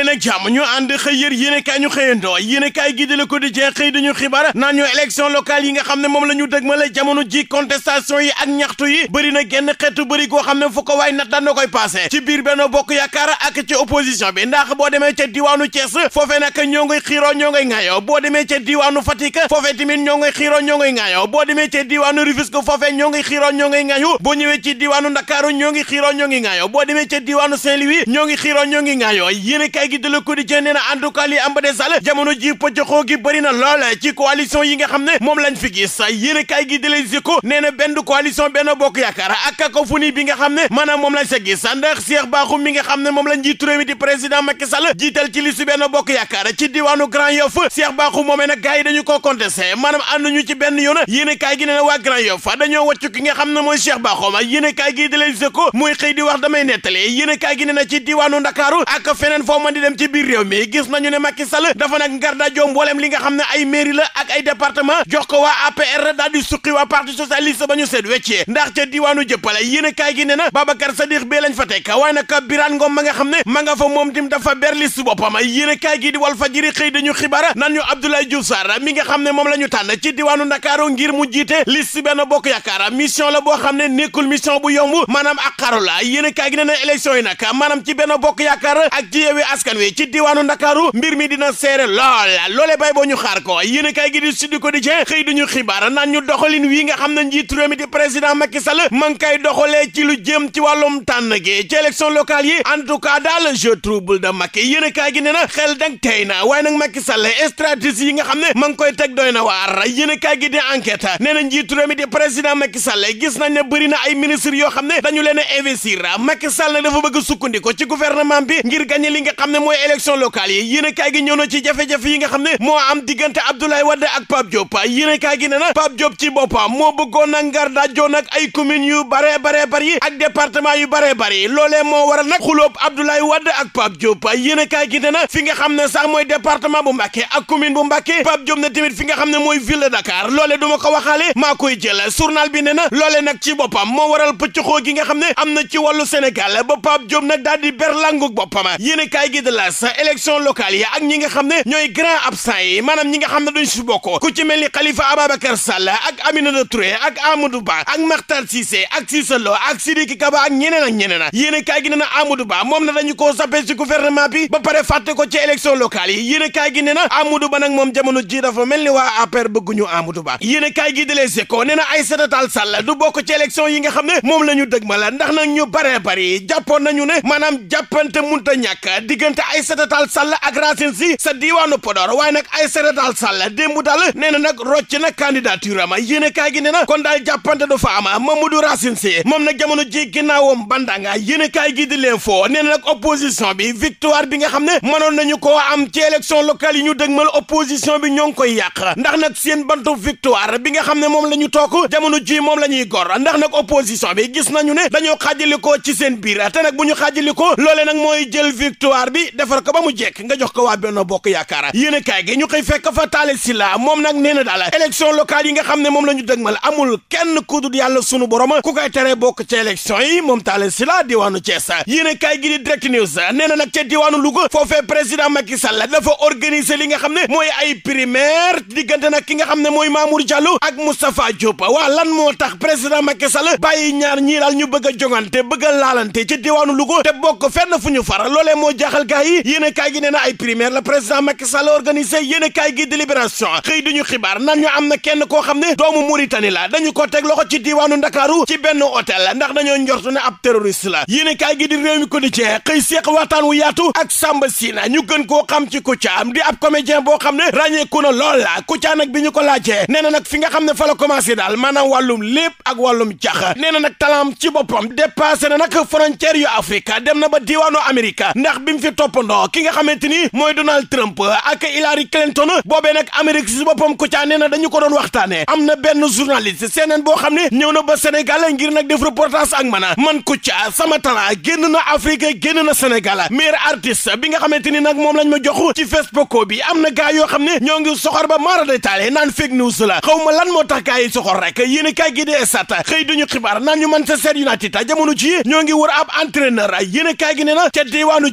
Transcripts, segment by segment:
dalee nag jàmm ñu ànd xëy yër yéene ñu xëyandoo yéene kaay la ko xëy dañu xibaar naan ñu élection locale yi nga xam ne moom la ñu dëgmale jamono ji contestation yi ak ñaxtu yi bëri na genn xeetu bëri goo xam ne fu ko waay nat daan na koy passé ci biir Benno Bokk Yaakaar ak ci opposition bi ndax boo demee ca diwaanu Thiès foofee nag ñoo ngay xiiroo ñoo ngay ŋaayoo boo demee ca diwaanu Fatick foofee tamit ñoo ngay xiiroo ñoo ngay ŋaayoo boo demee ca diwaanu Rufisque foofee ñoo ñëwee ci diwaanu gi de Le Quotidien nee na en tout cas li gi bëri na lool ci yi nga xam ne moom lañ fi gis yéene kaay gi de Les Échos nee na benn coalition benn bokk yaakaar ak cacophonie bi nga xam ne moom lañ sa gis ndax Cheikh mi nga xam ne moom lañ jiitu réew mi di président Macky Sall jiital benn bokk yaakaar ci diwaanu Grand Yoff Cheikh Bakhoum moomee nag gars dañu ko contesté maanaam ànduñu ci benn yoon yéene kaay gi nee waa Grand Yoff di dem ci biir réew mi gis nañu ne Macky dafa nag ngar daajoo mbooleem li nga xam ne ay mairie la ak ay département jox ko waa APR daal di suqi waa parti socialiste ba ñu seet weccee ndax ca diwaanu jëppale yéen a ne na Babacar Sadikh bee lañ fa teg waaye nag Birane Ngom ma nga xam ne ma nga fa moom tim dafa berlis boppam yéen a kaay gi di Walf Fadjri xëy dañu xibaar nan ñu Abdoulaye Diouf Sarr mi nga la ñu tànn ci diwaanu Ndakaaru ngir mu jiite liste benn boo xam ne nekkul mission bu yomb maanaam ak a kaay gi ne na yi nag maanaam ci benn bokk askan wi ci diwaanu ndakaaru mbir mi dina seere lool loole bay boo ñu xaar ko yéen kay gi di Sud Quotidien xëy duñu xibaar naan ñu doxalin wii nga xam ne njiitu réew mi di président Macky Sall ma ngi koy doxalee ci lu jëm ci wàllum tànn gi ci élection locale yi en tout cas daal je trouble de Macky yéen kay gi nee na xel dang tey na waaye nag Macky Sall stratégie yi nga xam ne ma ngi koy teg doy na waar yéen kay gi di enquête nee na njiitu mi di président Macky Sall gis nañ ne bëri na ay ministre yoo xam ne dañu leen a investir Sall nag bëgg sukkandiku ci gouvernement bi ngir gagné mooy élection locale yi yéen a gi ñëw na ci jafe-jafe yi nga xam ne moo am diggante Abdoulaye Wade ak Pape Diop yéen a kaay gi ne na Pape Diop ci boppam moo bëggoon a ngar daajoo nag ay communes yu baree baree bari ak département yu baree bari loolee moo waral nag xulóob Abdoulaye Wade ak Pape Diop yéen a kaay gi ne na fi nga xam ne sax mooy département bu Mbacké ak commune bu Mbacké Pape Diop ne tamit fi nga xam ne mooy ville de Dakar loolee du ma ko waxaale maa koy jël surnal bi ne na loole nag ci boppam moo waral pëcc xoo gi nga xam ne am na ci wàllu Sénégal ba Pape Diop nag di ber langug boppam las élection locale yi ak ñi nga xam ne ñooy grand absent yi maanaam ñi nga ne duñ si bokk ku ci mel ni Khalifa Ababacar Sall ak Aminata Touré ak Amadou ak Makhtar Cissé ak Cissé Lo ak Sidiki Kaba ak ñeneen ak ñeneen yéen kaay gi ne na Amadou moom na dañu koo sappe ci gouvernement bi ba pare fàtte ko ci élection locale yi yéen kaay gi ne na Amadou Ba moom jamono ji dafa mel ni waa APR bëgguñu Amadou Ba yéen kaay gi de Les Échos nee na Aïssata Tall Sall diggante Aïssata Tall Sall ak Racine Sy sa diiwaanu Podor waaye nag Aïssata Tall Sall démb daal nee na nag rocc na candidature am yéene kaay gi nee na kon daal jàppante du fa am Mamadou Racine Sy moom nag jamono ji ginnaawam bandanga yéene kaay gi di l'info nee na nag opposition bi victoire bi nga xam ne mënoon nañu koo am ci élection locale yi ñu dëgmal opposition bi ñoo ngi koy yàq ndax nag seen bantu victoire bi nga xam ne moom la ñu toog jamono ji moom la ñuy gor ndax nag opposition bi gis nañu ne dañoo xaajalikoo ci seen biir te nag bu ñu xaajalikoo loole nag mooy jël victoire bi bi defar ko ba mu jekk nga jox ko waa Benno Bokk Yaakaar yéen kaay gi ñu koy fekk fa Talla Sylla moom nag nee na daal élection yi nga xam ne moom la ñu dëgmal amul kenn ku dul yàlla sunu borom ku koy tere bokk ci élection yi moom Talla Sylla diwaanu Thiès yéen kaay gi di direct news nee na nag ca diwaanu Louga foofee président Macky Sall dafa organiser li nga xam ne mooy ay primaire diggante nag ki nga xam ne mooy Mamour Diallo ak Moustapha Diop waa lan moo tax président Macky Sall bàyyi ñaar ñii daal ñu a jongante bëgg a laalante ci diwaanu Louga te bokk fenn fu ñu kaay yi yéen a kaay gi nee na ay primaire la président Macky Sall organisé yéen a kaay gi délibération xëy duñu xibaar nan ñu am na kenn koo xam ne doomu Mauritanie la dañu ko teg loxo ci diiwaanu Ndakaaru ci benn hôtel ndax dañoo njortu ne ab terroriste la yéen a gi di réew mi ko di cee xëy seeq waxtaan wu yaatu ak Samba Sina ñu gën koo xam ci Kouthia di ab comédien boo xam ne ràññeeku na lool la Kouthia nag bi ñu ko laajee nee na nag fi nga xam ne fa la commencé daal maanaam wàllum lépp ak wàllum jax ne na nag talaam ci boppam dépassé na nag frontière yu Afrique dem na ba diiwaanu Amérique ndax toppandoo ki nga xamante ni mooy Donald Trump ak Hillary Clinton boobee nag Amérique si boppam ko caa nee na dañu ko doon waxtaanee am na benn journaliste CNN boo xam ne ñëw na ba Sénégal ngir nag def reportage ak man man ko caa sama talaa génn na Afrique génn na Sénégal meilleur artiste bi nga xamante ni nag moom lañ ma jox ci Facebook bi am na gaa yoo xam ne ñoo ngi soxor ba mara day taale naan fake news la xaw ma lan moo tax gaa yi soxor rek yéen a kaay gi dee sat xëy duñu xibaar naan ñu jamono ci ñoo ngi wër ab entraîneur yéen a kaay gi na ca diwaanu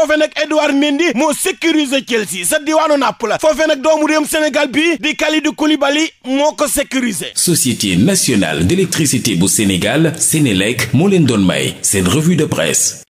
foofee nag Edouard Mendy moo sécuriser Chelsea sa diwaanu nàpp la foofee nag doomu réewum Sénégal bi di Kalidou Koulibaly moo ko sécuriser. Société nationale d'électricité bu Sénégal Sénélec moo leen doon may seen revue de presse.